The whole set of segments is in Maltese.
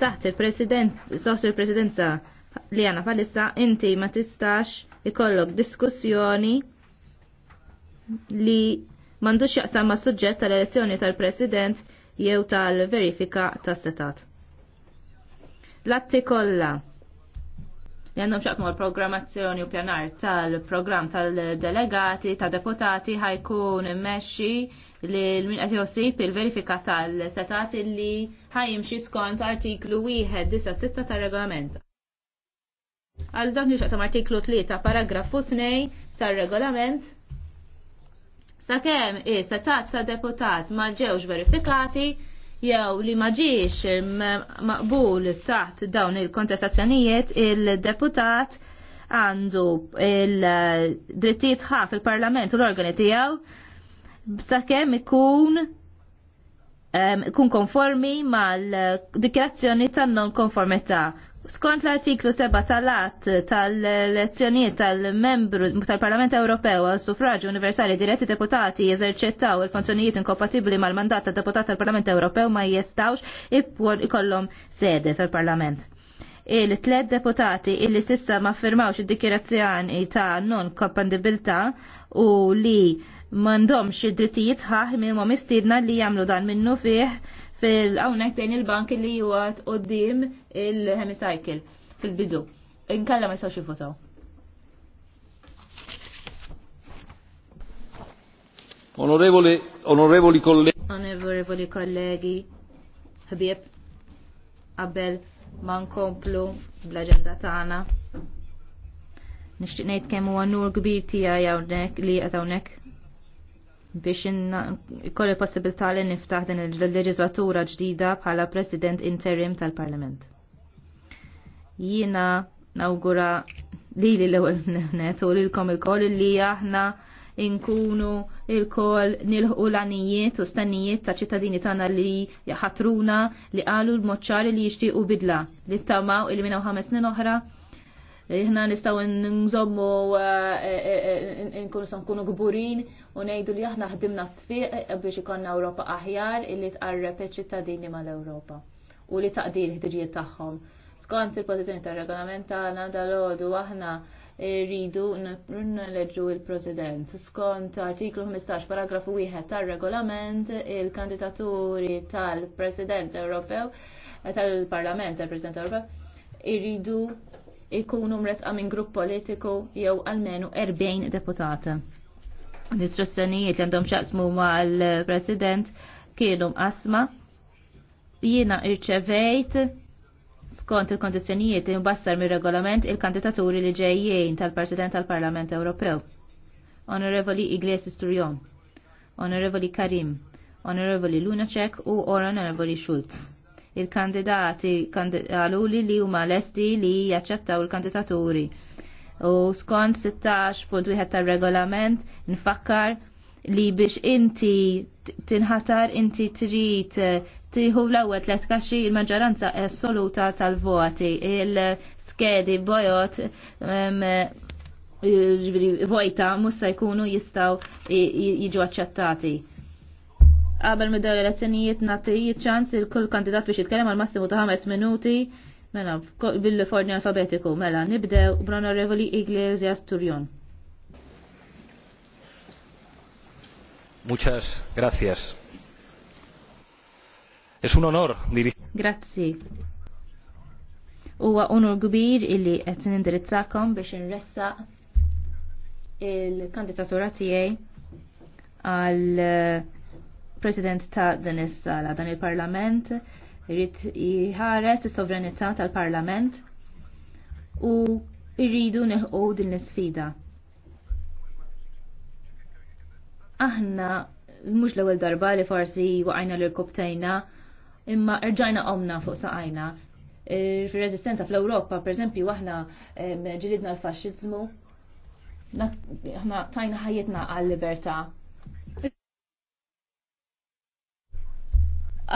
taħt il-president, sos il-presidenza li għana palissa, inti ma tistax ikollok diskussjoni li mandux jaqsam ma' suġġett tal-elezzjoni tal-president jew tal-verifika tas-setat. L-atti kollha li għandhom xaqmu l-programmazzjoni u pjanar tal-program tal-delegati, ta' deputati ħajkun immexxi li l-min qed jossib il-verifika tal-setat li ħajimxi skont artiklu 1.96 tar-regolament. Għal dan nixaqsam artiklu 3 paragrafu 2 tar-regolament sakemm is-setat ta' deputat ma ġewx verifikati jew li ma ġiex maqbul taħt dawn il-kontestazzjonijiet il-deputat għandu il-drittijiet ħaf il-parlament u l-organi tijaw b'sakemm ikun ikun konformi mal dikjazzjoni tan non konformità Skont l-artiklu 7 tal-att tal-elezzjonijiet tal-membru tal-Parlament Ewropew għal suffraġġju universali diretti deputati jeżerċettaw il-funzjonijiet inkompatibbli mal-mandat tal deputat tal-Parlament Ewropew ma jistawx ikollhom sede tal-Parlament. Il-tlet deputati illi s'issa ma firmawx id-dikjerazzjoni ta' non kompatibilità u li mandomx id-drittijiet ħaħ minn ma mistiedna li jagħmlu dan minnu fih fil-għawnek dejn il-bank li juqat qoddim il-hemicycle fil-bidu. Inkalla ma jistawx jifotaw. Onorevoli, onorevoli kollegi. Onorevoli kollegi, ħbieb, qabel ma nkomplu bl-aġenda tagħna. Nixtieq ngħid kemm huwa nur kbir tiegħi li qed hawnhekk biex ikolli possibilità li niftaħ din il-leġislatura ġdida bħala President Interim tal-Parlament. Jiena nawgura li li l-ewel net u kom il-koll li aħna inkunu il-koll nilħu l-anijiet u stannijiet ta' ċittadini tagħna li jaħatruna li qalu l-moċċari li jixtiequ bidla li t-tamaw il-minaw ħames oħra Iħna eh, nistaw nżommu eh, eh, nkunu sa kunu gburin u ngħidu li aħna ħdimna sfiq biex ikonna Ewropa aħjar illi tqarreb iċ-ċittadini mal-Ewropa u li taqdir ħtiġijiet tagħhom. Skont il ta' tar-regolament l-ħodu aħna rridu n-leġu il-President. Skont artiklu 15 paragrafu 1 ta' regolament il-kandidaturi tal-President Ewropew, tal-Parlament tal-President Ewropew, irridu ikunu mresqa minn grupp politiku jew almenu 40 deputata. L-istruzzjonijiet li għandhom xaqsmu l president kienu asma jiena irċevejt skont il-kondizjonijiet mbassar mir-regolament il-kandidaturi li ġejjien tal-President tal-Parlament Ewropew. Onorevoli Iglesias Turjon, Onorevoli Karim, Onorevoli Lunacek u Onorevoli Schultz il-kandidati għaluli li huma lesti li jaċċettaw il-kandidaturi. U skont 16.1 tar-regolament nfakkar li biex inti tinħatar inti trid eh, tieħu l-ewwel tliet kaxxi l maġġoranza assoluta tal-voti. Il-skedi bojot eh, ġviri vojta mussa jkunu jistgħu jiġu aċċettati qabel mid elezzjonijiet nagħti ċans il kull kandidat biex jitkellem għal massimu ta' ħames minuti mela bil-forni alfabetiku mela nibdew bl-Onorevoli Iglesias Turjon. Muchas gracias. Es un honor dirigir. Grazzi. Huwa unur kbir illi qed nindirizzakom biex inressa il-kandidatura tiegħi għal eh, president ta' din is-sala dan il-Parlament irrid jħares is-sovranità tal-Parlament u irridu neħqu din l-isfida. Aħna mhux l-ewwel darba li forsi waqajna l koptejna imma rġajna omna fuq saqajna. Fir-reżistenza fl-Ewropa, pereżempju, aħna ġilidna l-faxxiżmu, aħna tajna ħajjitna għal-libertà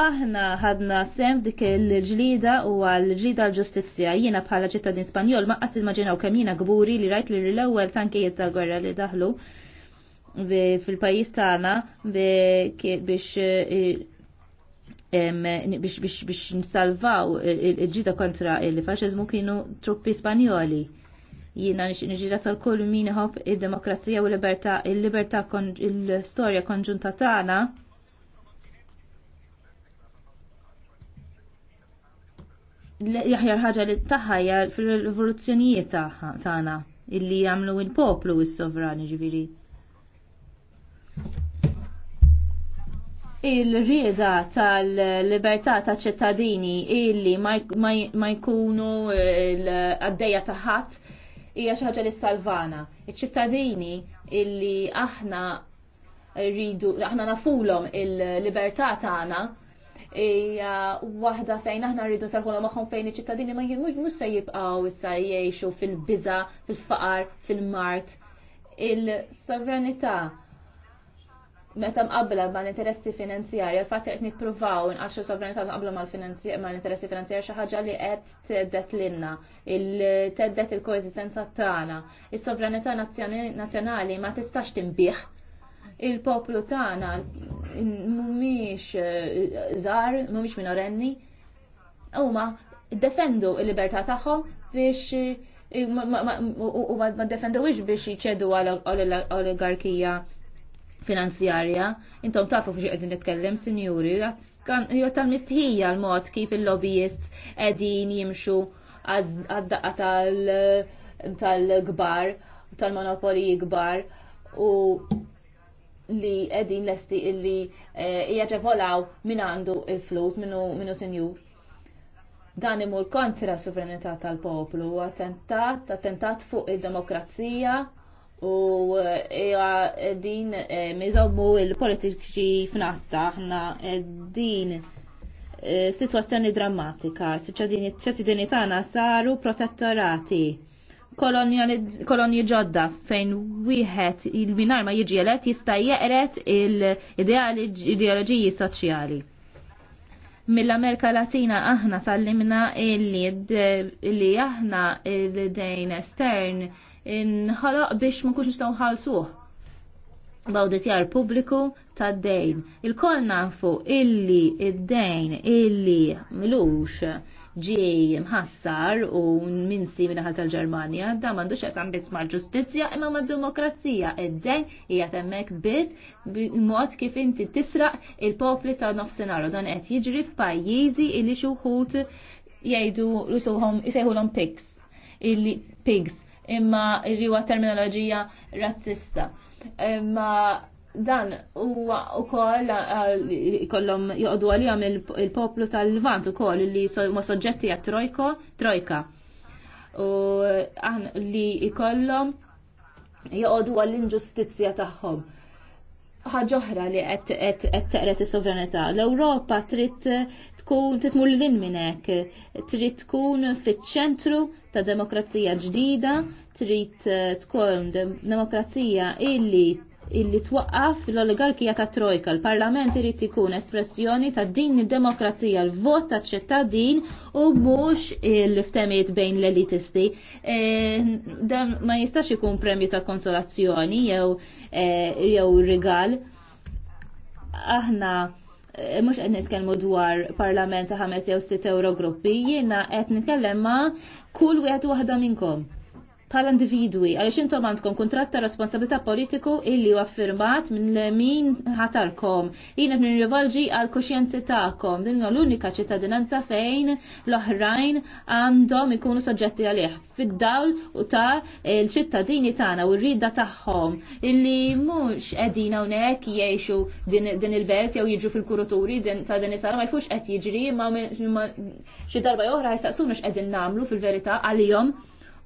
Aħna ħadna sem dik il-ġlida u għal-ġlida l-ġustizzja. Jiena bħala ċittadin Spanjol ma qas immaġinaw kemm jiena gburi li rajt li l-ewwel tankijiet ta' gwerra li daħlu fil-pajjiż tagħna eh, biex biex biex nsalvaw il-ġida kontra il-faxizmu kienu truppi spanjoli. Jina nġira tal-kull min id-demokrazija u l-libertà, il-libertà il-storja konġunta tagħna jaħjar ħaġa li taħħajja fil-rivoluzzjonijiet tagħna illi jagħmlu il-poplu is-sovrani ġiviri. Il-rieda tal-libertà ta' ċittadini illi ma jkunu eh, l-għaddejja ta' ħadd hija xi ħaġa li salvana. Iċ-ċittadini illi aħna rridu aħna nafulhom il-libertà tagħna hija waħda fejn aħna rridu sarħuna magħhom fejn iċ-ċittadini ma jimux mhux se jibqgħu issa jgħixu fil-biża, fil-faqar, fil-mart. Il-sovranità meta mqabbla mal interessi finanzjarji, l-fatt qed nippruvaw inqaxxu sovranità mqabbla mal-interessi finanzjarji xi ħaġa li qed teddet lilna, teddet il-koeżistenza tagħna. Is-sovranità nazzjonali ma tistax timbih il-poplu tagħna mumiex eh, żgħar, mhumiex minorenni. ma defendu l-libertà tagħhom biex eh, u ma defendewix biex jċedu għal oligarkija finanzjarja. Intom tafu fxie għedin nitkellem, sinjuri, jgħu tal-mistħija l-mod kif il-lobbyist għedin jimxu għad-daqqa tal-gbar, tal-monopoli gbar u li edin lesti illi eh, jaġevolaw minn għandu il-flus minnu senjur. Dan imur kontra sovranità tal-poplu, attentat, attentat fuq il-demokrazija u eh, din eh, mizommu il-politiċi f'nasta aħna din situazzjoni drammatika, s-ċittadini tagħna saru protettorati kolonji ġodda fejn wieħed il-minar ma jiġi elet jista' jeqret il-ideoloġiji soċjali. Mill-Amerika Latina aħna tallimna illi li aħna il-dejn estern inħoloq biex ma nkunx nistgħu nħallsuh B'awditjar pubbliku tad dejn. Il-kol nafu illi id-dejn illi milux ġej mħassar u minsi minna ħal tal-Ġermanja, da mandu jasam bis ma' ġustizja imma ma' demokrazija. id den hija temmek biss mod kif inti tisraq il-popli ta' nofsinhar dan qed jiġri f'pajjiżi illi xuħut wħud l-suħom jsejħulhom pigs. Illi pigs imma li huwa terminoloġija razzista. Imma dan huwa wkoll eh, kollom joqogħdu għalihom il-poplu tal-Lvant ukoll li ma soġġetti għat trojka. U għan li jkollhom joqogħdu għall-inġustizzja tagħhom. Ħaġa oħra li qed teqret is-sovranità. L-Ewropa trid tkun titmur lil minn hekk, trid tkun fiċ-ċentru ta' demokrazija ġdida, trid tkun demokrazija illi illi twaqqaf l-oligarkija ta' trojka. L-parlament irid ikun espressjoni ta' din id-demokrazija, l-vot ta' ċittadin u mhux l-ftemiet bejn l-elitisti. E, dan ma jistax ikun premju ta' konsolazzjoni jew e, jew rigal. Aħna e, mux qed nitkellmu dwar parlament ta' ħames jew sitt euro gruppi, jiena qed nitkellem ma' kull wieħed waħda minnkom tal individwi, għaliex intom għandkom kuntratt ta' responsabilità politiku illi huwa affirmat minn min ħatarkom. Jien minn rivolġi għal kuxjenzi tagħkom. Din hija l-unika ċittadinanza fejn l-oħrajn għandhom ikunu soġġetti għalih fid-dawl u ta' l-ċittadini tagħna u rrida tagħhom illi mhux qegħdin hawnhekk jgħixu din il-belt jew jiġu fil-kuruturi ta' din is-sala ma jfux qed jiġri ma xi darba oħra jistaqsuna qegħdin nagħmlu fil-verità għalihom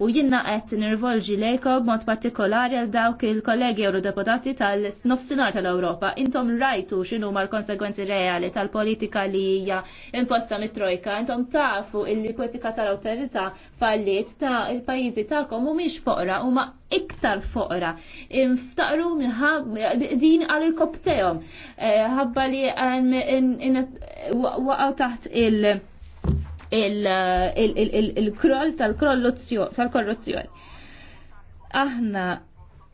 u jinnna qed nirvolġi lejkom mod partikolari għal dawk il-kollegi eurodeputati tal-nofsinhar tal-Ewropa. Intom rajtu x'inhu mal-konsegwenzi reali tal-politika li hija imposta mit-trojka, intom tafu il-politika tal-awtorità fallit ta' il-pajjiżi tagħkom mhumiex foqra huma iktar foqra. imftaqru din għal il kopteom eh, Ħabba li waqgħu taħt il- il-kroll tal-korruzzjoni. Aħna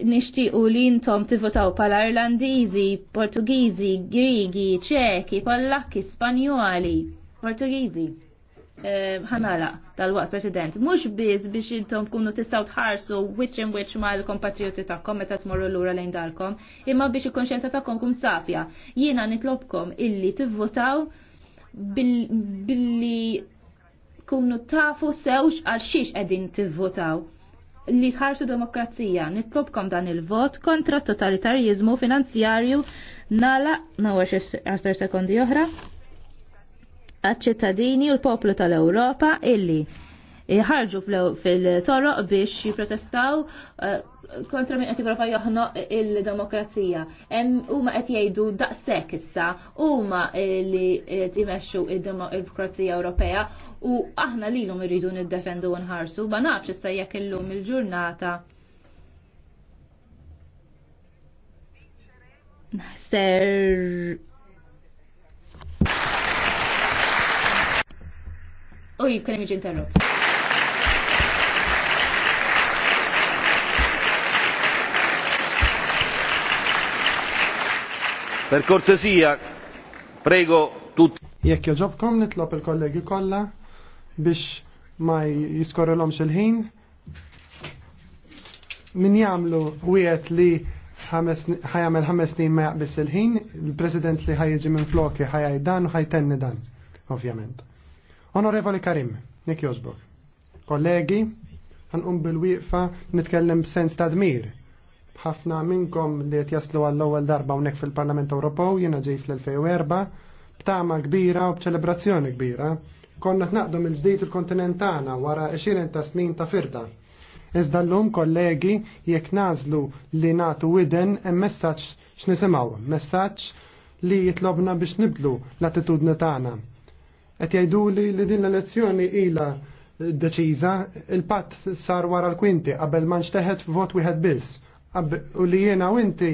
nishtiqu li intom tivotaw pala Irlandiżi, Portugiżi, Grigi, Ċeki, Pollakki, Spanjoli, Portugiżi. Eh, ħanala tal-waqt President, mhux biss biex intom kunu tistaw tħarsu which and which ma l-kompatrioti tagħkom meta tmorru lura lejn dalkom, imma biex il-konxjenza tagħkom kum safja. Jiena nitlobkom illi tivvotaw billi tkunu tafu sewx għal xiex qegħdin tivvotaw li tħarsu demokrazija. Nitlobkom dan il-vot kontra totalitarizmu finanzjarju nala nawa 10 sekondi oħra għal ċittadini u l-poplu tal-Ewropa illi ħarġu fil-toroq biex jiprotestaw uh, kontra minn qed jipprova joħnoq il-demokrazija. Huma qed jgħidu daqshekk issa, huma li timexxu il-demokrazija Ewropea u aħna lilhom irridu niddefendu u nħarsu, ma nafx issa jekk illum il-ġurnata. Ser U jikun jiġi interrott. Per cortesia, prego tutti. Jekk joġobkom nitlob il-kollegi kollha biex ma jiskorrolhomx il-ħin. Min jagħmlu wieħed li ħajamel ħames snin ma jaqbis il-ħin, il-President li ħajġi minn floki ħajaj dan u ħajtenni dan, ovvjament. Onorevoli Karim, jekk joġbok. Kollegi, ħanqum bil-wieqfa nitkellem b'sens ta' dmir ħafna minnkom li qed jaslu għall-ewwel darba hawnhekk fil-Parlament Ewropew jiena ġej fl-2004 b'tama kbira u b'ċelebrazzjoni kbira. Konna tnaqdu mill-ġdid il-kontinent tagħna wara 20 ta' snin ta' firda. Iżda llum kollegi jekk nażlu li nagħtu widen hemm messaġġ x'nisimgħu, messaġġ li jitlobna biex nibdlu l-attitudni tagħna. Qed jgħiduli li din l-elezzjoni ilha deċiża, il-patt sar wara l-kwinti qabel ma nxteħed f'vot wieħed biss u li jiena u inti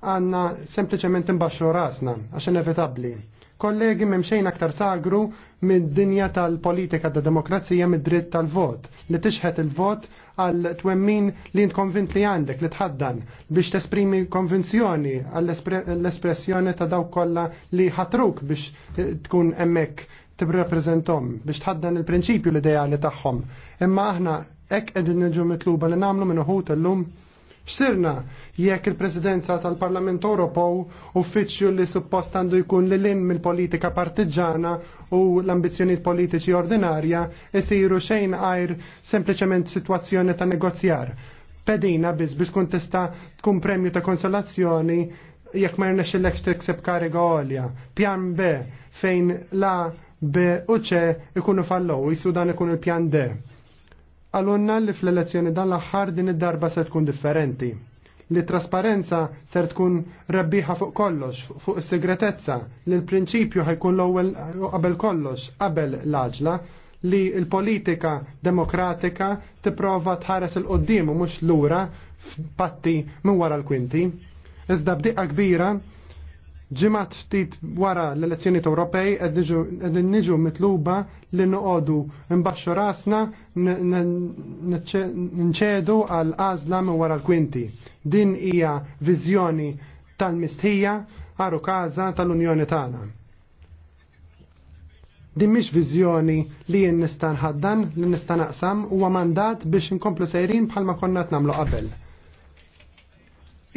għanna sempliciment imbaxxu rasna għax inevitabbli. Kollegi memxejn aktar sagru mid-dinja tal-politika ta' demokrazija mid-dritt tal-vot li tixħet il-vot għal twemmin li jint konvint li għandek li tħaddan biex tesprimi konvinzjoni għall-espressjoni ta' daw kolla li ħatruk biex eh, tkun emmek tibreprezentom biex tħaddan il-prinċipju l-ideali tagħhom. Imma aħna ek edin nġu mitluba li namlu minn uħut l-lum B'sirna jekk il-Presidenza tal-Parlament Ewropew uffiċċju li suppost għandu jkun li lim mill-politika partiġana u l-ambizzjonijiet politiċi ordinarja isiru xejn għajr sempliċement sitwazzjoni ta' negozjar. Pedina biss biex tkun tista' tkun premju ta' konsolazzjoni jekk ma jirnexxilekx tikseb kariga għolja. Pjan B fejn la B u C ikunu fallow, jisu dan ikun il-pjan D għalunna li fl-elezzjoni dan l-axħar din id-darba se tkun differenti. Li trasparenza ser tkun rebbiħa fuq kollox, fuq is-segretezza, li l-prinċipju ħajkun l-ewwel qabel kollox, qabel l-aġla, li l-politika demokratika tipprova tħares il-qoddim u mhux lura f'patti minn wara l-kwinti. Iżda bdiqa kbira Ġimat ftit wara l elezzjonijiet Ewropej qegħdin niġu mitluba li noqogħdu mbaxxu rasna nċedu għal għażla minn wara l-kwinti. Din hija viżjoni tal-mistħija għaru każa tal-Unjoni tagħna. Din mhix viżjoni li jien nista' nħaddan, li nista' naqsam, huwa mandat biex inkomplu sejrin bħalma konna nagħmlu qabel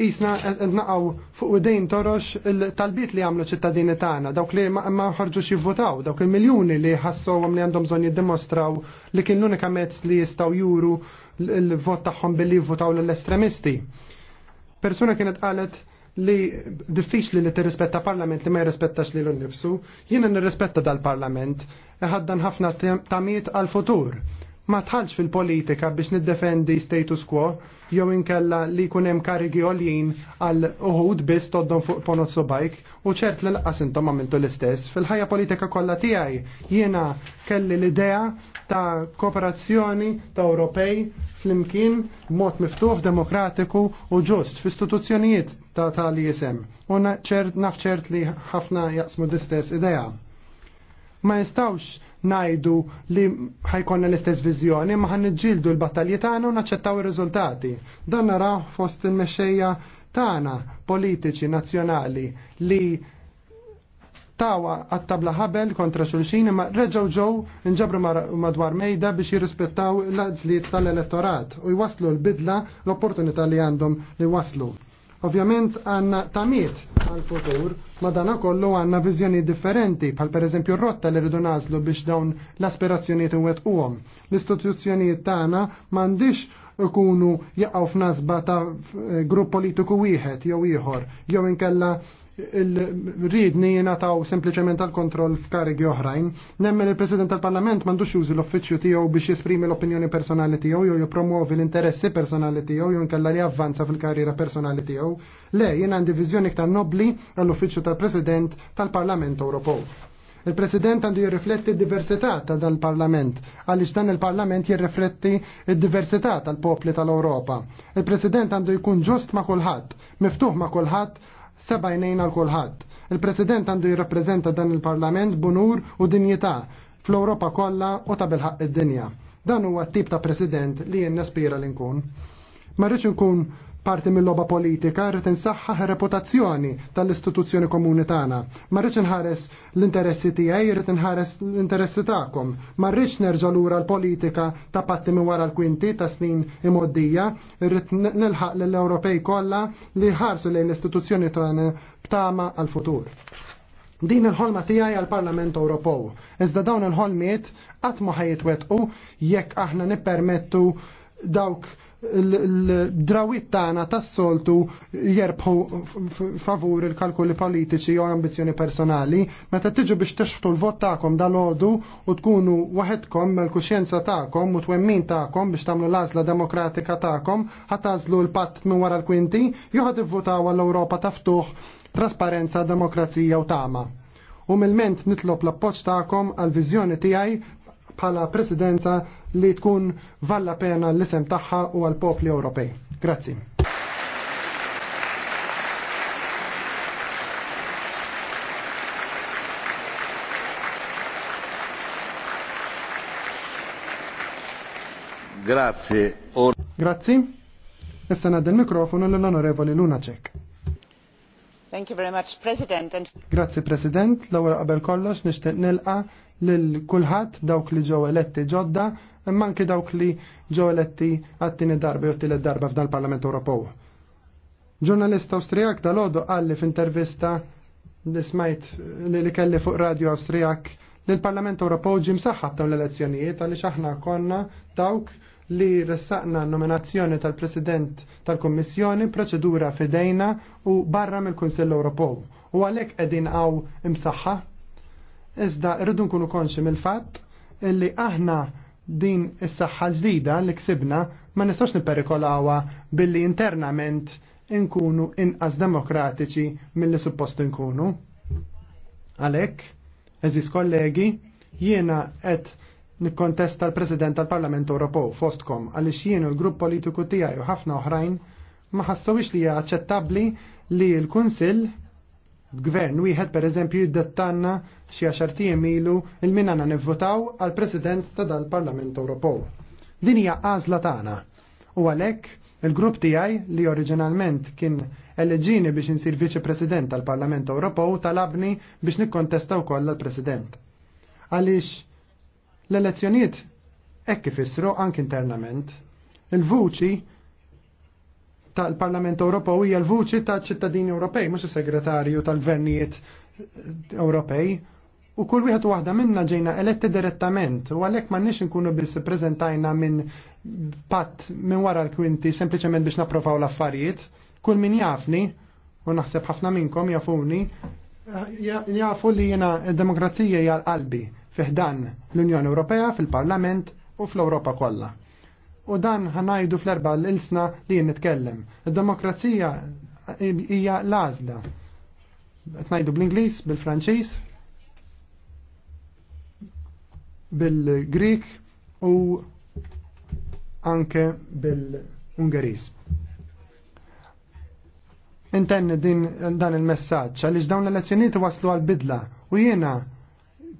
jisna qed naqgħu fuq idejn torox il-talbiet li għamlu ċittadini tagħna, dawk li ma ħarġux jivvotaw, dawk il-miljuni li għam li għandhom bżonn jiddimostraw li kien l-unika mezz li jistgħu juru l-vot tagħhom billi jivvotaw lill-estremisti. Persuna kienet qalet li diffiċli li tirrispetta parlament li ma jirrispettax li l-nifsu, jiena nirrispetta dal-parlament, ħaddan ħafna tamiet għal-futur ma tħallx fil-politika biex niddefendi status quo jew inkella li jkun hemm karigi għoljin għal uħud biss toddon fuq ponot subajk u ċert li laqas intom għamiltu l-istess. Fil-ħajja politika kollha tiegħi jiena kelli l-idea ta' kooperazzjoni ta' Ewropej flimkien mod miftuħ, demokratiku u ġust f'istituzzjonijiet ta' tal-ISM. U ċert naf ċert li ħafna jaqsmu l-istess idea ma nistawx najdu li ħajkonna l-istess viżjoni ma ħan nġildu l-battalji tagħna u naċċettaw ir-riżultati. Dan nara fost il-mexxejja tagħna politiċi nazzjonali li tawa tabla ħabel kontra xulxin ma reġaw ġew nġabru madwar mejda biex jirrispettaw l-għadżliet tal-elettorat u jwaslu l-bidla l-opportunità li għandhom li waslu. Ovvjament għanna tamiet għal-futur, ma dana kollu għanna vizjoni differenti, bħal per eżempju rotta li rridu nażlu biex dawn l-aspirazzjoniet u għom. L-istituzzjonijiet tagħna m'għandix ikunu jaqgħu f'nazba ta' eh, grupp politiku wieħed jew ieħor, jew inkella il-ridni jenataw sempliciment tal-kontroll f'karigi oħrajn. Nemmen il-President tal-Parlament mandux jużi l-offiċju tiegħu biex jesprimi l-opinjoni personali tiegħu jew jopromuovi l-interessi personali tiegħu jew nkella li avvanza fil-karriera personali tiegħu. Le, jien għandi viżjoni iktar nobli għall-uffiċċju tal-President tal-Parlament Ewropew. Il-President għandu jirrifletti d-diversità ta' dal-Parlament, għaliex dan il-Parlament jirrifletti d-diversità tal-popli tal-Europa. Il-President għandu jkun ġust ma' kulħadd, miftuħ ma' kulħadd seba' jnejn għal kulħadd. Il-President għandu jirrappreżenta dan il-Parlament bunur u dinjità fl-Ewropa kollha u ta' bilħaq id-dinja. Dan huwa t-tip ta' President li jien nespira li nkun. Ma rridx nkun parti mill-loba politika rrid insaħħaħ reputazzjoni tal-istituzzjoni komuni tagħna. Ma rridx inħares l-interessi tiegħi, rrid inħares l-interessi tagħkom. Ma rridx nerġa' lura l-politika ta' patti minn wara l-kwinti ta' snin imoddija, rrid nilħaq lill-Ewropej kollha li ħarsu lejn l-istituzzjoni tagħna b'tama għal-futur. Din il-ħolma tiegħi għal-Parlament Ewropew. Iżda dawn il-ħolmiet qatt ma ħajitwetqu jekk aħna nippermettu dawk il-drawit tagħna tas-soltu jerbħu favur il kalkuli politiċi u ambizzjoni personali, meta tiġu biex tixħtu l-vot tagħkom dal-għodu u tkunu waħedkom mal-kuxjenza tagħkom u t-wemmin tagħkom biex tagħmlu l-għażla demokratika tagħkom ħatażlu l-patt minn wara l-kwinti, joħad ivvutaw għall-Ewropa ta' ftuħ, trasparenza, demokrazija u tama. U mill-ment nitlob l-appoċ tagħkom għal-viżjoni tiegħi bħala presidenza li tkun valla pena l-isem tagħha u għall popli Ewropej. Grazzi. Grazie. Or... Grazie. Issa nad il-mikrofonu l-onorevoli Lunacek. Thank you very much, President. And... Grazie, President. L-ewwel qabel kollox nixtieq nilqa' lil kulħadd dawk li ġew eletti ġodda imma anke dawk li ġew eletti għat-tieni darba jew tielet darba f'dan il-Parlament Ewropew. Ġurnalist Awstrijak dal qal għalli f'intervista li smajt li kelli fuq Radio Awstrijak li l-Parlament Ewropew ġim saħħab dawn l-elezzjonijiet għaliex aħna konna dawk li ressaqna nominazzjoni tal-President tal-Kommissjoni proċedura fidejna u barra mill-Kunsill Ewropew. U għalhekk qegħdin għaw imsaħħa. Iżda rridu nkunu konxi mill-fatt illi aħna din is-saħħa ġdida li ksibna ma nistax niperikolawa billi internament inkunu inqas demokratiċi mill-li suppost inkunu. Għalhekk, eżis kollegi, jiena qed nikkontesta l-President tal-Parlament Ewropew fostkom għaliex jien l-grupp politiku tiegħi u ħafna oħrajn ma ħassowix li hija aċċettabbli li l-Kunsill Gvern wieħed pereżempju jiddettanna xi għaxar tiem ilu il min għandna nivvotaw għal President ta' dal-Parlament Ewropew. Din hija għażla tagħna. U għalhekk il-grupp tiegħi li oriġinalment kien eleġini biex insir viċi President tal-Parlament Ewropew talabni biex nikkontesta wkoll għall president Għaliex l-elezzjonijiet hekk ifissru anke internament. Il-vuċi tal-Parlament Ewropew hija l-vuċi tal-ċittadini Ewropej, mhux is-segretarju tal-gvernijiet Ewropej. U kull wieħed waħda minna ġejna eletti direttament, u għalhekk m'għandniex inkunu biss preżentajna minn patt minn wara l-kwinti sempliċement biex napprovaw l-affarijiet. Kull min jafni, u naħseb ħafna minnkom jafuni, jafu li jiena d-demokrazija hija l-qalbi fiħdan l-Unjoni Ewropea fil-Parlament u fl-Ewropa kollha u dan ħanajdu fl-erba l-ilsna li jien nitkellem. il demokrazija hija l-għażla. Tnajdu bl-Ingliż, bil-Franċiż, bil-Grik u anke bil-Ungeriż. Intenni din dan il-messaġġ għaliex dawn l-elezzjonijiet waslu għal bidla u jiena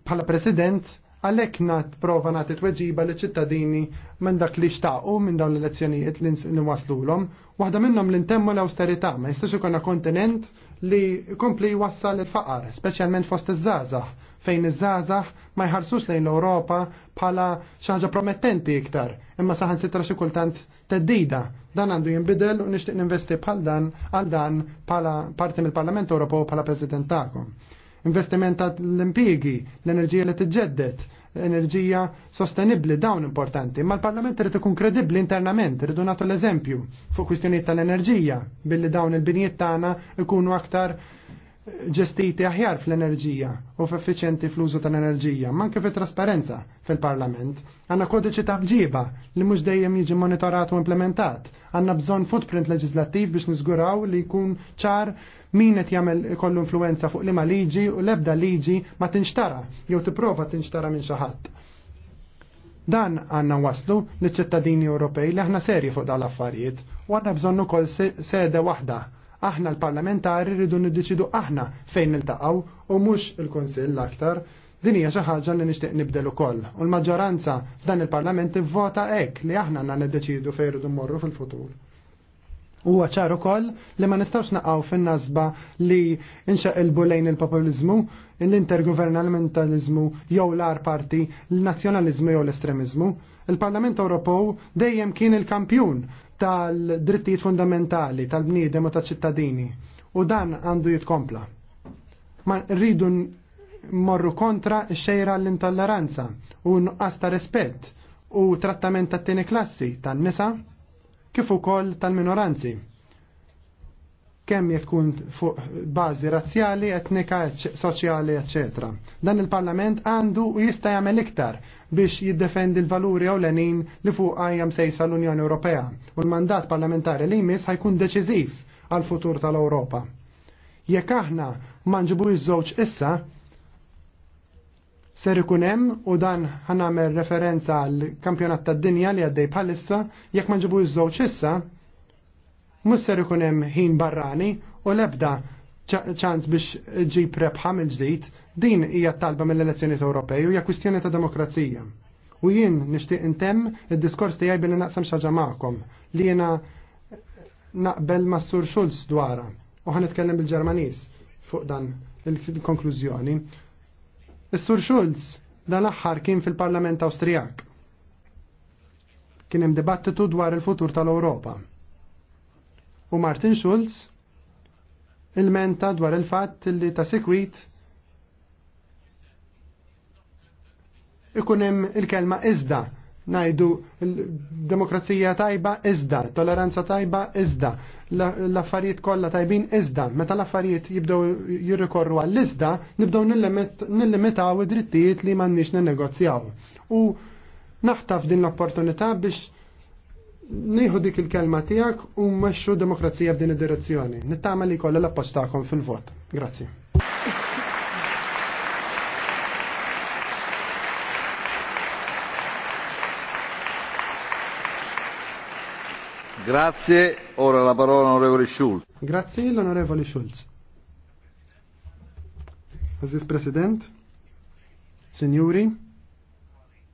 bħala president Għalhekk nat prova nagħti tweġiba li ċittadini minn dak li xtaqu minn dawn l-elezzjonijiet li waslulhom, waħda minnhom li ntemmu l-awsterità ma jistaxu konna kontinent li kompli jwassal il-faqar, speċjalment fost iż-żgħażagħ fejn iż-żgħażagħ ma jħarsux lejn l-Ewropa bħala xaħġa promettenti iktar, imma saħan sitra xi kultant teddida. Dan għandu jinbidel u nixtieq ninvesti bħal dan għal dan bħala parti mill-Parlament Ewropew bħala President tagħkom investiment ta' l impiegi l-enerġija li tiġġeddet, enerġija sostenibli dawn importanti. Ma l-Parlament irid ikun kredibbli internament, irridu nagħtu l-eżempju fuq kwistjonijiet tal-enerġija billi dawn il-binijiet tagħna ikunu aktar ġestiti aħjar fl-enerġija u f'effiċenti fl-użu tal-enerġija, manke fi trasparenza fil-Parlament. Għanna kodiċi ta' bġiba li mhux dejjem jiġi monitorat u implementat. Għanna bżonn footprint leġislattiv biex niżguraw li jkun ċar min qed jagħmel ikollu influenza fuq liema liġi u l-ebda liġi ma tinxtara jew tipprova tinxtara minn xi ħadd. Dan għanna waslu li ċittadini Ewropej li aħna serji fuq dal-affarijiet u għanna bżonnu kol seda waħda Aħna l-parlamentari rridu niddeċidu aħna fejn niltaqgħu u mhux il-Kunsill aktar. Din hija xi ħaġa li nixtieq nibdel ukoll. U l-maġġoranza f'dan il-Parlament ivvota hekk li aħna għandna niddeċidu fejn irridu mmorru fil-futur. Huwa ċar ukoll li ma nistgħux naqgħu fin-nasba li inxaqilbu lejn il-populiżmu, l-intergovernamentalizmu jew l-ar parti, l-nazzjonaliżmu jew l-estremiżmu. Il-Parlament Ewropew dejjem kien il-kampjun tal-drittijiet fundamentali tal-bniedem u tal-ċittadini u dan għandu jitkompla. Ma rridu morru kontra xejra l-intolleranza u nuqqas ta' rispett u trattament ta' tieni klassi tan-nisa kif ukoll tal-minoranzi kemm jekk tkun fuq bażi razzjali, etnika, soċjali, ecc. Dan il-Parlament għandu u jista' jagħmel iktar biex jiddefendi l-valuri l-enin li fuq għajam sejsa l-Unjoni Ewropea u l-mandat parlamentari li jmiss ħajkun deċiżiv għal futur tal-Ewropa. Jekk aħna ma nġibu iż-żewġ issa, ser ikun hemm u dan ħanamel referenza għal kampjonat tad-dinja li għaddej bħalissa, jekk ma nġibu iż-żewġ issa, Musser ikun hemm ħin barrani u l-ebda ċans biex ġib rebħa mill-ġdid, din hija talba mill elezzjonijiet Ewropej u hija kwistjoni ta' demokrazija. U jien nixtieq intemm id-diskors tiegħi billi naqsam xaġa magħkom li jiena naqbel ma' Sur Schulz dwara u ħanitkellem bil-Ġermaniż fuq dan il-konklużjoni. Is-Sur Schulz dan l-aħħar kien fil-Parlament Awstrijak. Kien hemm dibattitu dwar il-futur tal-Ewropa u Martin Schulz il-menta dwar il-fatt li ta' sekwit ikunem il-kelma iżda najdu demokrazija tajba iżda, toleranza tajba iżda, l-affarijiet kollha tajbin iżda, meta l-affarijiet jibdew jirrikorru għall nibdow nibdew nillimitaw id-drittijiet li m'għandniex ninnegozjaw. U naħtaf din l-opportunità biex Nieħu dik il-kelma tiegħek u mmexxu demokrazija f'din id-direzzjoni. Nittama li kollha l-appoġġ tagħkom fil-vot. Grazzi. Grazie, ora la parola onorevole Schulz. Grazie l'onorevole Schulz. Aziz President, signori,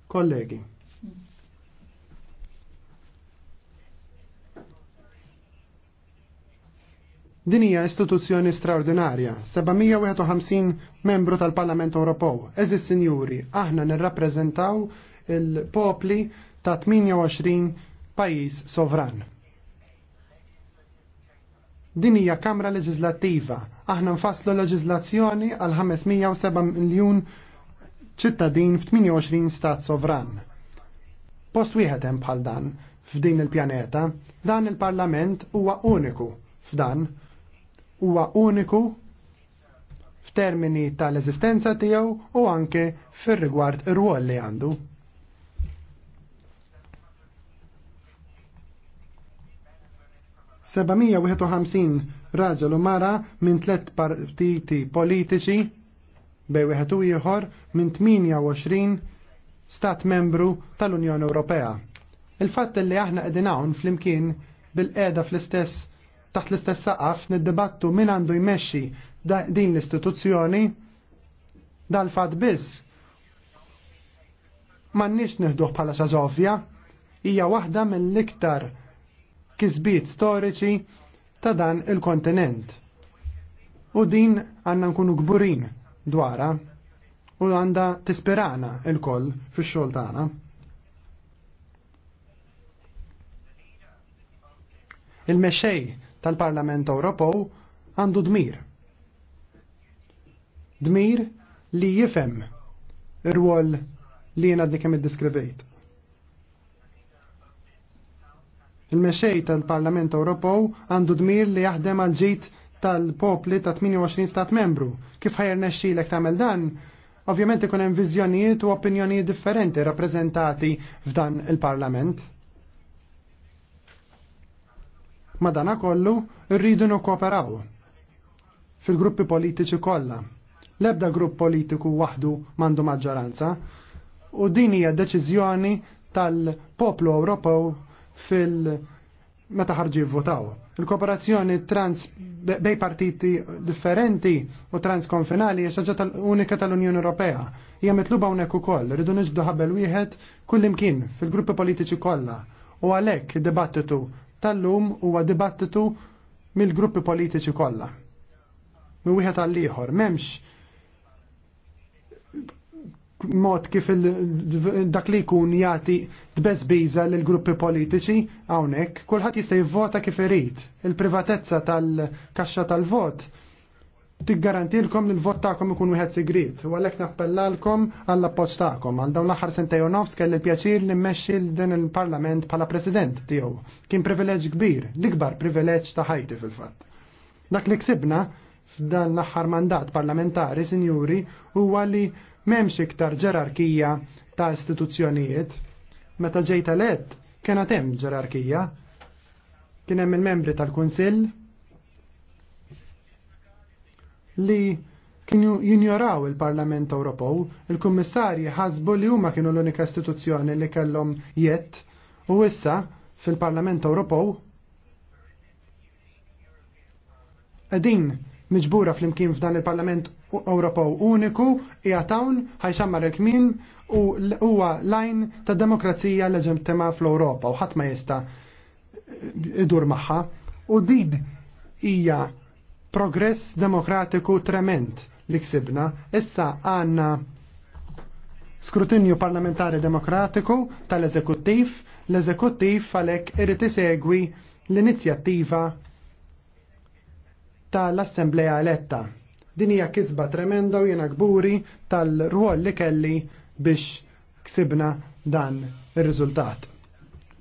colleghi. Din hija istituzzjoni straordinarja, 751 membru tal-Parlament Ewropew. Eżis sinjuri, aħna nirrappreżentaw il-popli ta' 28 pajjiż sovran. Din hija Kamra Leġislattiva. Aħna nfasslu leġislazzjoni għal 507 miljun ċittadin f'28 stat sovran. Post wieħed hemm bħal dan f'din il-pjaneta, dan il-Parlament huwa uniku f'dan huwa uniku f'termini tal-eżistenza tiegħu u anke fir-rigward ir-rwol li għandu. ħamsin raġel u mara minn tliet partiti politiċi bej wieħed u ieħor minn 28 stat membru tal-Unjoni Ewropea. Il-fatt li aħna qegħdin hawn flimkien bil-qiegħda fl-istess taħt l-istess saqaf niddibattu min għandu jmexxi din l-istituzzjoni dal-fat biss. Mannix nihduħ bħala xaġovja, hija waħda mill-iktar kisbiet storiċi ta' dan il-kontinent. U din għanna nkunu gburin dwara u għanda tispirana il-koll fi xol tagħna. Il-mexej tal-Parlament Ewropew għandu dmir. Dmir li jifem ir-rwol li jena dikem id-diskrivejt. Il-mexej tal-Parlament Ewropew għandu dmir li jaħdem għal ġid tal-popli ta' 28 stat membru. Kif ħajr nexxilek tagħmel dan, ovvjament ikun hemm viżjonijiet u opinjonijiet differenti rappreżentati f'dan il-Parlament. Madana kollu rridu nukoperaw. fil-gruppi politiċi kollha. L-ebda grupp politiku waħdu mandu maġġoranza u din hija deċiżjoni tal-poplu Ewropew fil- meta ħarġi votaw. Il-kooperazzjoni trans bej partiti differenti u transkonfinali hija tal unika tal-Unjoni Ewropea. Hija mitluba hawnhekk ukoll, rridu niġbdu ħabel wieħed kullimkien fil-gruppi politiċi kollha. U għalhekk id-dibattitu tal-lum huwa dibattitu mill-gruppi politiċi kollha. Mi wieħed għal ieħor m'hemmx mod kif dak li jkun jagħti tbeżbiża lil gruppi politiċi hawnhekk, kulħadd jista' jivvota kif irid. Il-privatezza tal-kaxxa tal-vot tal tal kaxxa tal vot tiggarantilkom li l-vot tagħkom ikun wieħed sigrit, u għalhekk nappellalkom għall appoġġ tagħkom. Għal dawn l-aħħar sentej kelli l-pjaċir li mmexxi din il-Parlament bħala President tiegħu. Kien privileġġ kbir, l-ikbar privileġġ ta' ħajti fil-fatt. Dak li ksibna f'dan l-aħħar mandat parlamentari, sinjuri, huwa li m'hemmx iktar ġerarkija ta' istituzzjonijiet. Meta ġejta elett kien hemm ġerarkija. Kien hemm il-membri tal-Kunsill, li kienu jinjoraw il-Parlament Ewropew, il-Kummissarji ħasbu li huma kienu l-unika istituzzjoni li kellhom jett u issa fil-Parlament Ewropew Edin miġbura fl-imkien f'dan il-Parlament Ewropew uniku qiegħed hawn ħajxammar il kmin u huwa lajn ta' demokrazija leġemtema fl-Ewropa u ħadd ma jista' idur magħha u din hija progress demokratiku trement li ksibna. Issa għanna skrutinju parlamentari demokratiku tal-eżekuttiv, l-eżekuttiv għalek irrit isegwi l-inizjattiva tal-Assembleja eletta. Din hija kisba tremenda u jiena kburi tal-rwol li kelli biex ksibna dan ir-riżultat.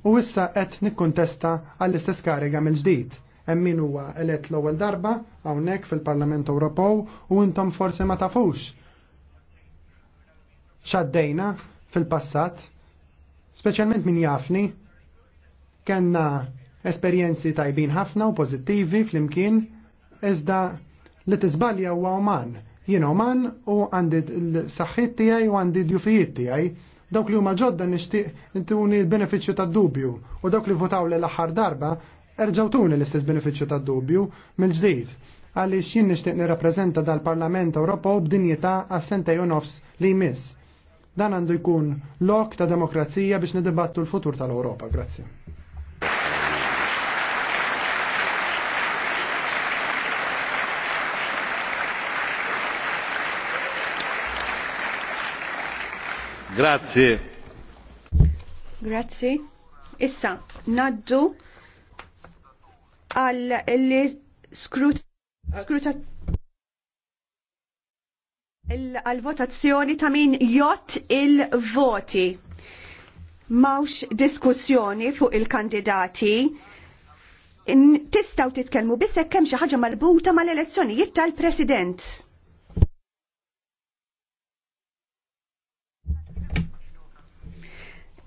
U issa qed nikkuntesta għall-istess kariga mill-ġdid emmin min huwa elett l-ewwel darba hawnhekk fil-Parlament Ewropew u intom forsi ma tafux xaddejna fil-passat, speċjalment min jafni, kellna esperjenzi tajbin ħafna u pożittivi flimkien, iżda li tiżbalja huwa uman. Jien oman u għandi l-saħħit tiegħi u għandi d-jufijiet tiegħi dawk li huma ġodda nixtieq intuni l-benefiċċju tad-dubju u dawk li votaw l aħħar darba erġaw tuni l-istess beneficju ta' dubju mill-ġdid għaliex jien nixtieq nirrappreżenta dal-Parlament Ewropew b'dinjità għas senta u nofs li jmiss. Dan għandu jkun lok ta' demokrazija biex nidibattu l-futur tal-Ewropa. Grazzi. Grazie. Grazie. Issa, naddu għal li skrut skrutat għal-votazzjoni ta' min jott il-voti. Mawx diskussjoni fuq il-kandidati. Tistaw titkelmu bissek kemm xi ħaġa marbuta mal-elezzjonijiet tal-President.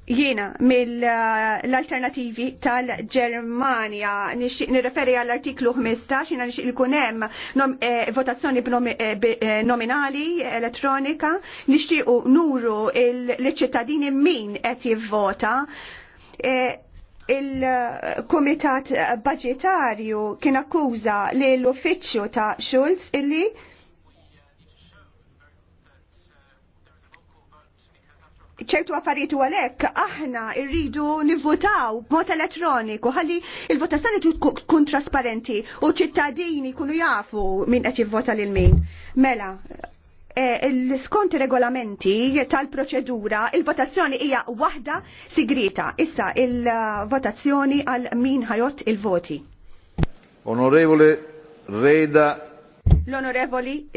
jiena mill-alternativi tal-Germania. Nixtieq nirreferi għall-artiklu 15, jiena nixtieq ikun hemm nom, eh, votazzjoni eh, eh, nominali elettronika, nixtiequ nuru l-ċittadini min qed jivvota. Eh, il-Komitat Budgetarju kien akkuża l-Uffiċċju ta' Schulz illi ċertu affarijiet u għalek, aħna irridu nivvotaw b'mod elettroniku, ħalli il-votazzjoni tkun trasparenti u ċittadini kunu jafu min qed jivvota lil min. Mela, e, l-skont regolamenti tal-proċedura, il-votazzjoni hija waħda sigrita. Issa il-votazzjoni għal min ħajot il-voti. Onorevole Reda. L-onorevoli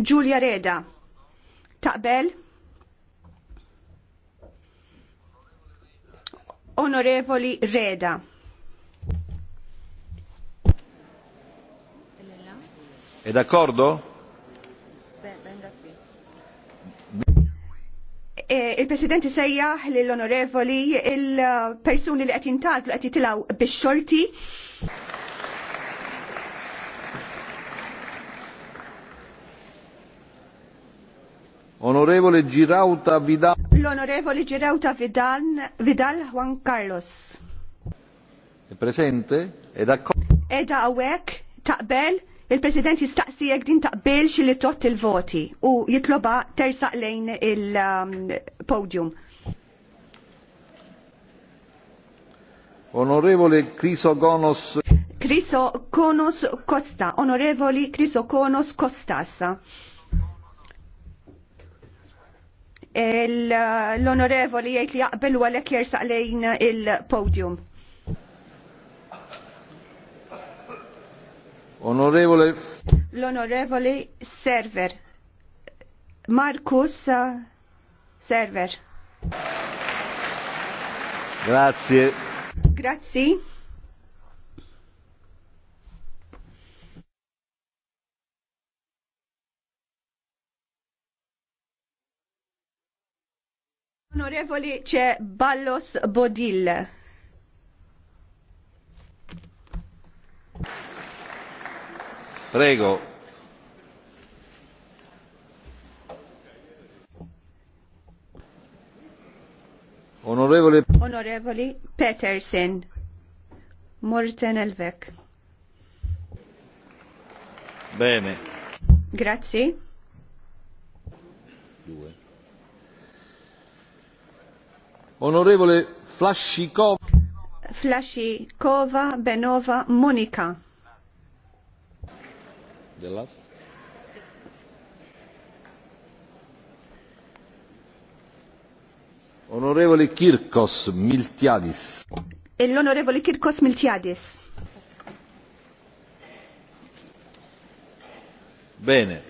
Giulia Reda. Taqbel? Onorevoli Reda. È d'accordo? E il presidente sejjaħ l-onorevoli il-persuni uh, li qed jintagħtu qed jitilgħu bix-xorti. Onorevole Girauta Vidal l'onorevole Gerauta Vidal, Vidal Juan Carlos. Presente, edha da awek, taqbel, il-President jistaqsi jek din taqbel li tot il-voti u jitloba tersaq lejn il-podium. Um, Onorevole Gonos Criso Crisogonos Costa, onorevoli Conos Costas l-onorevoli jgħid li jaqbel u għalhekk jersaq lejn il-podium. Onorevole. L-onorevoli Server. Markus uh, Server. Grazie. Grazie. Onorevoli ċe Ballos Bodil. Prego. Onorevoli... Onorevoli Petersen, Morten Elvek. Bene. Grazie. Due. Onorevole Flashikova. Flashikova Benova Monica Onorevole Kirkos Miltiadis. L'onorevole Kirkos Miltiadis. Bene.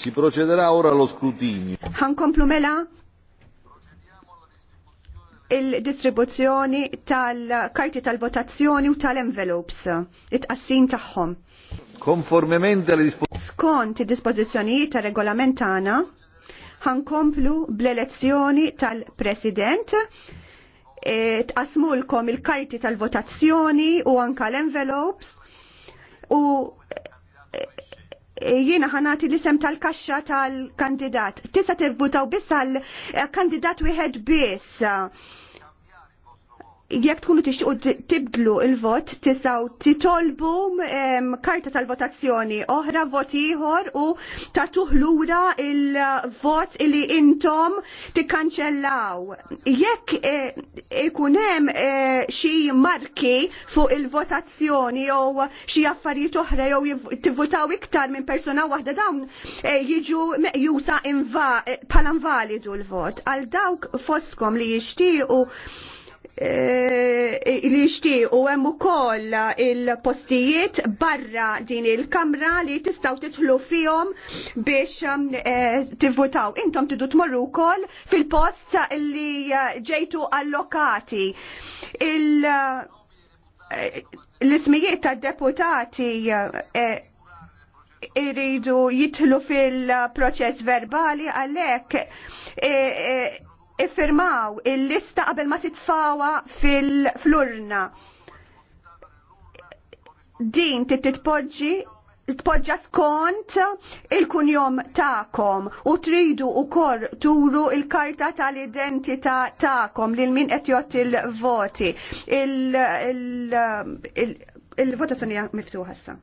Si procederà ora allo scrutinio. Ħankomplu mela il-distribuzzjoni tal-karti tal-votazzjoni u tal-envelopes, it-qassin tagħhom. Konformemente alle disposizioni. Skont id-dispożizzjonijiet tar-regolament tagħna, ħankomplu bl-elezzjoni tal-President e, tqasmulkom il-karti tal-votazzjoni u anka l-envelopes u jiena ħanati l-isem tal-kaxxa tal-kandidat. Tista' tivvutaw biss għal kandidat wieħed biss jekk tkunu tixtiqu tibdlu il-vot, tisaw titolbu karta tal-votazzjoni oħra vot ieħor u tagħtuh lura il-vot li intom tikkanċellaw. Jekk e, ikun hemm e, xi marki fuq il-votazzjoni jew xi affarijiet oħra jew tivvutaw iktar minn persuna waħda dawn e, jiġu meqjusa bħala invalidu l-vot. Għal dawk foskom li jixtiequ Eh, li u hemm ukoll il-postijiet barra din il-kamra li tistgħu titħlu fihom biex eh, tivvutaw. Intom tidu tmorru wkoll fil-post li eh, ġejtu allokati. L-ismijiet tad-deputati iridu jitħlu fil-proċess verbali għalhekk iffirmaw il-lista qabel ma titfawa fil-flurna. Din titpoġġi tpoġġa skont il-kunjom ta'kom u tridu u kor turu il-karta tal-identità ta'kom lil min qed jgħod il-voti. Il-votazzjoni il, il, il, il miftuħa sa.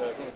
uh,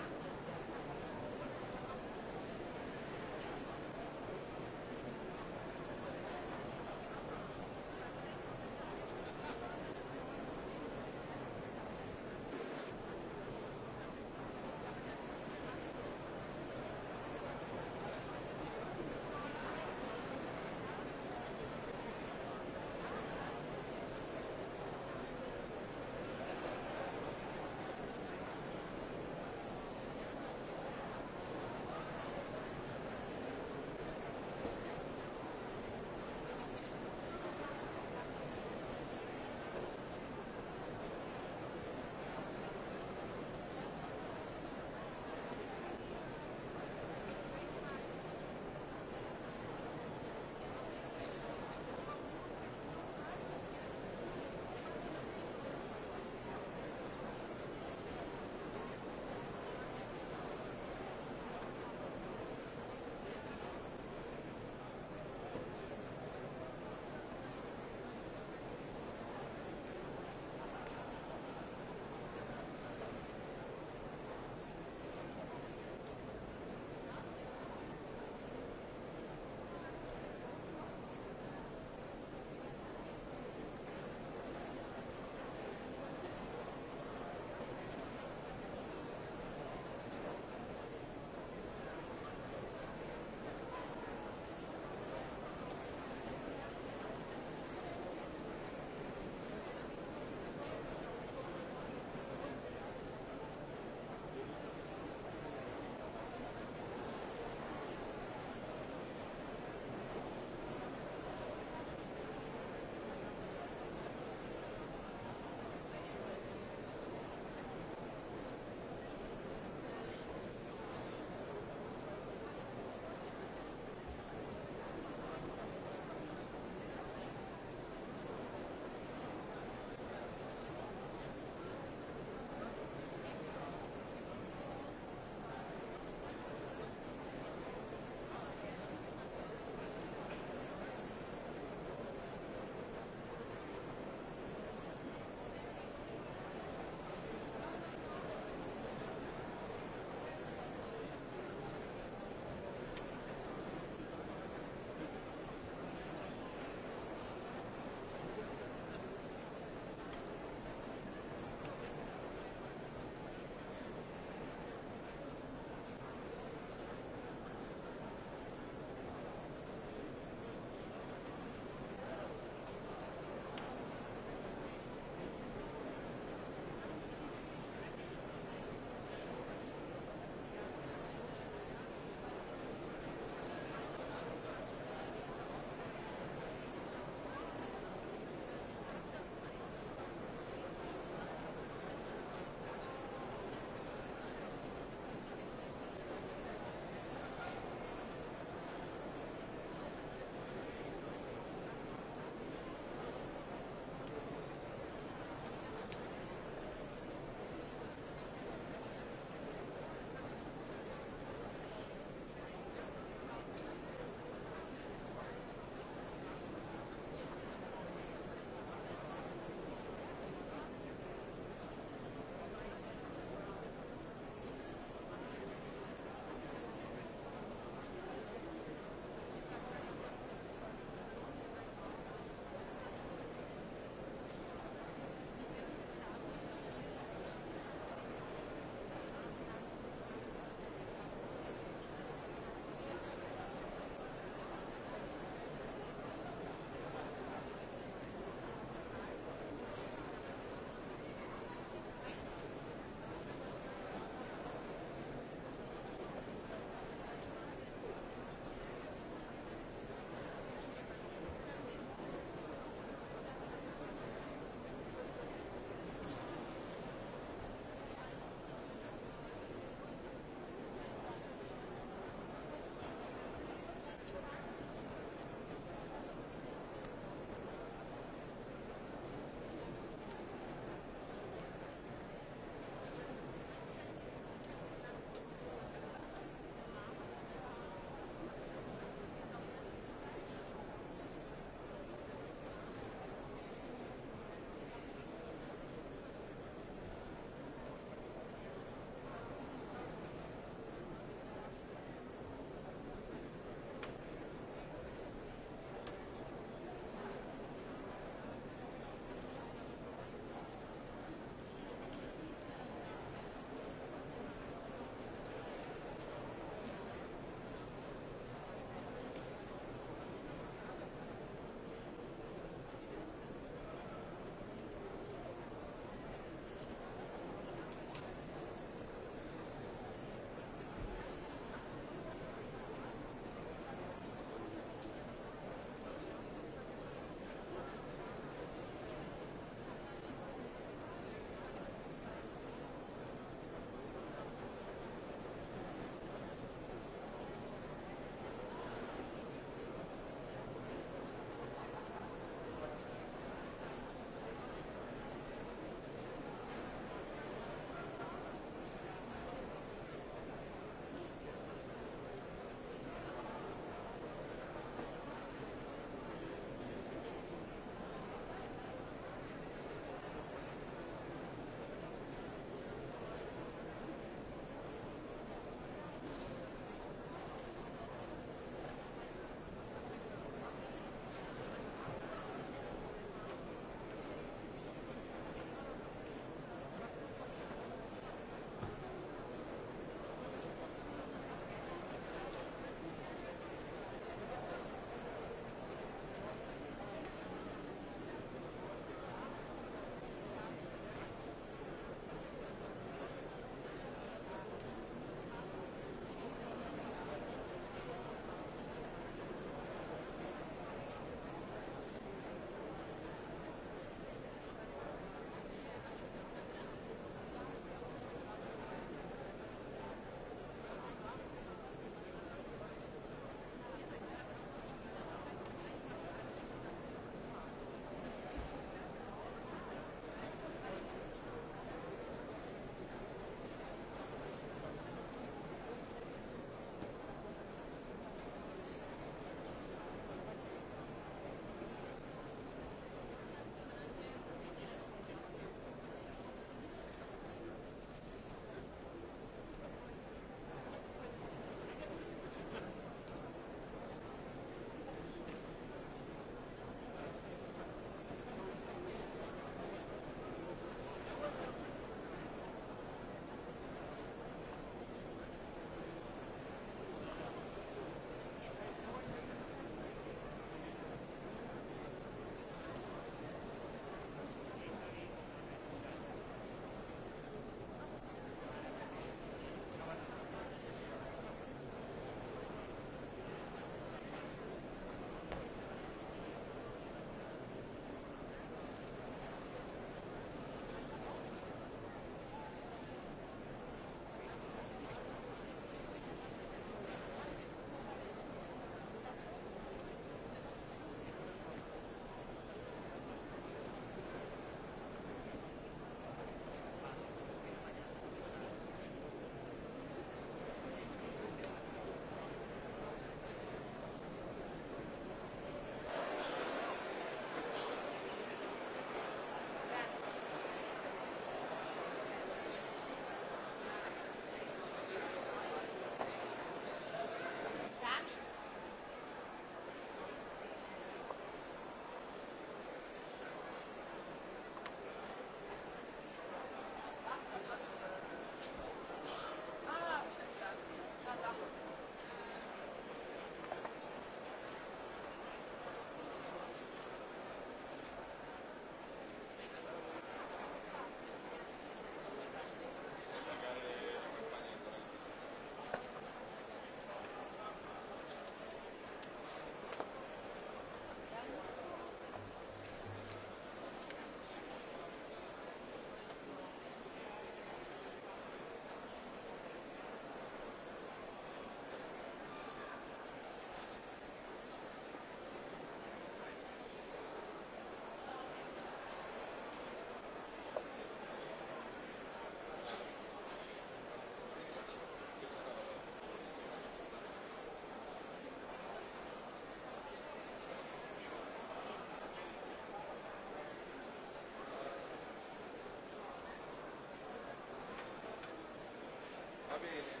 bene.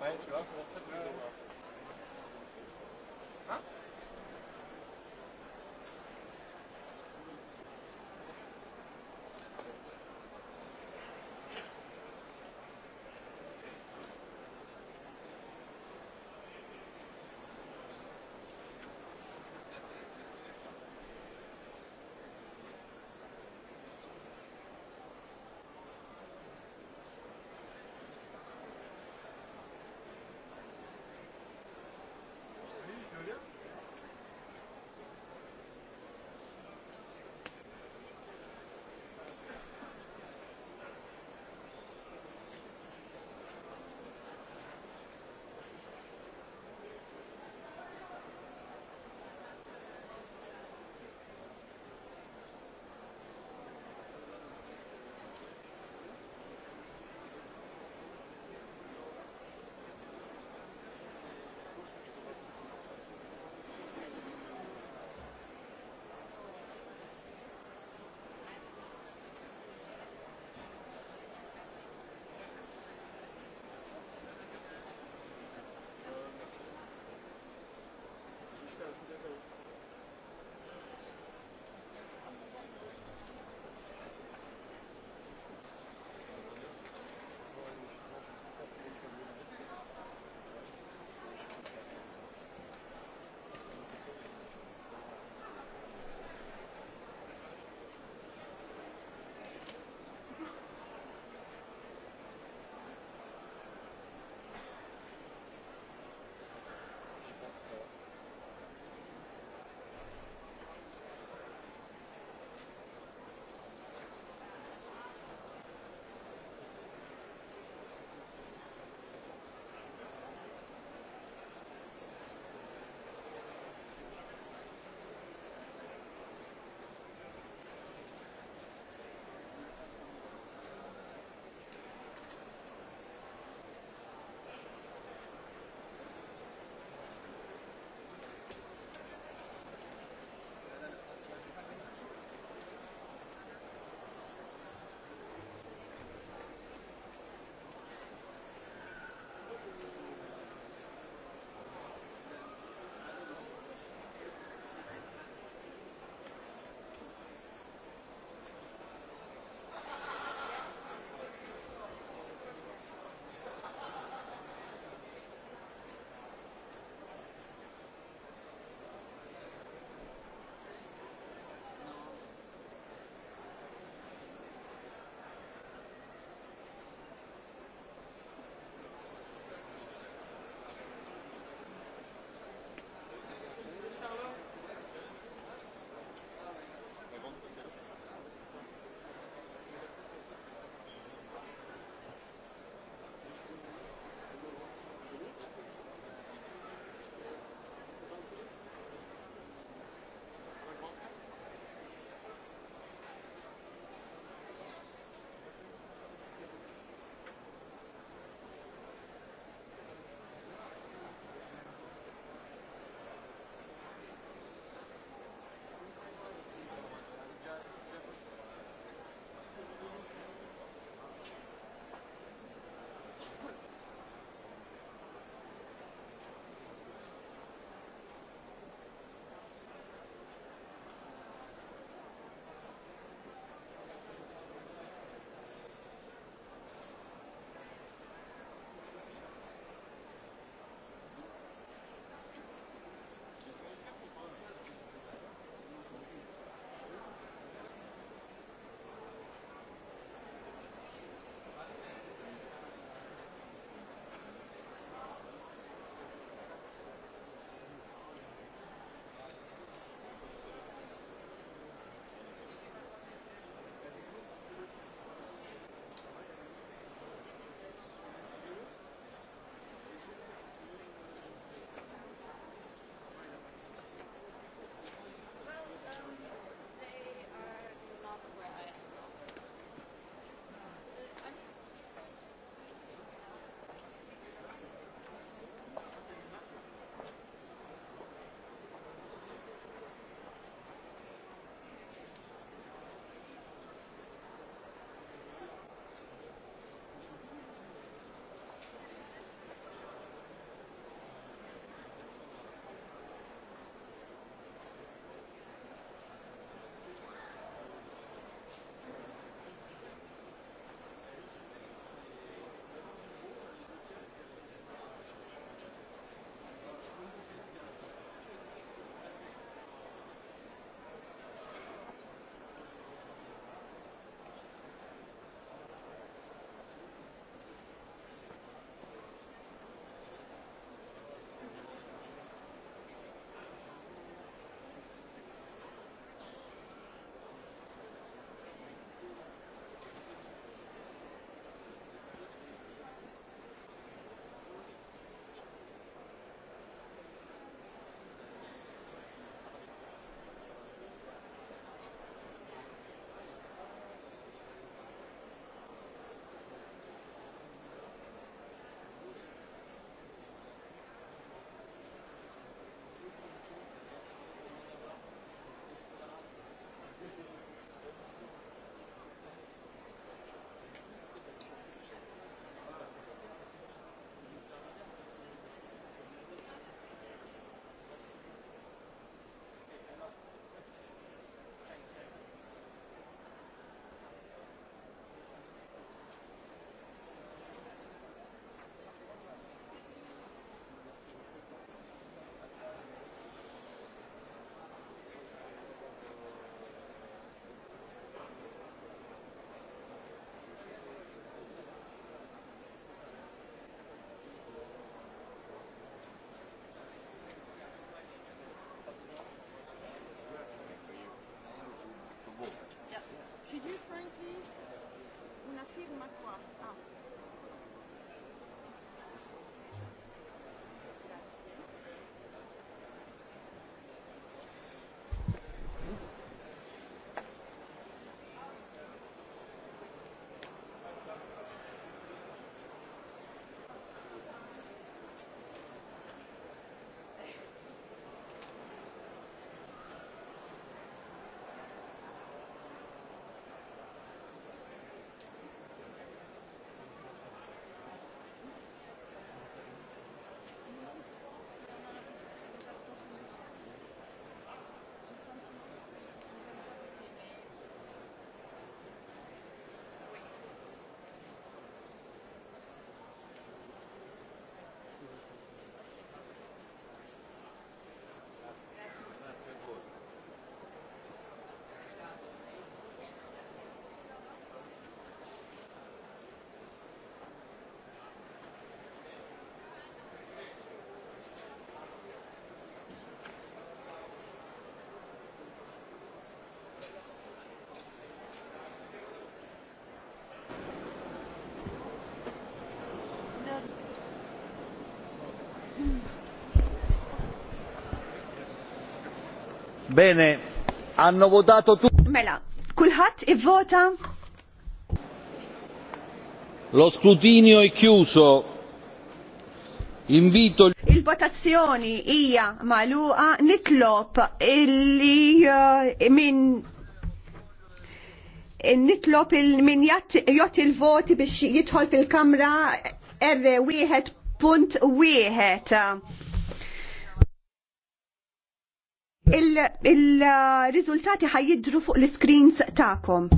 Ouais, tu vois, pour en fait, firma qua Bene, hanno votato tutti. Mela, kulħadd vota. Lo scrutinio è chiuso. Invito Il-votazzjoni hija magħluqa nitlob illi eh, min nitlob il min jot il-voti biex jidħol fil-kamra R1.1. il-riżultati il ħajjidru fuq l-screens ta'kom.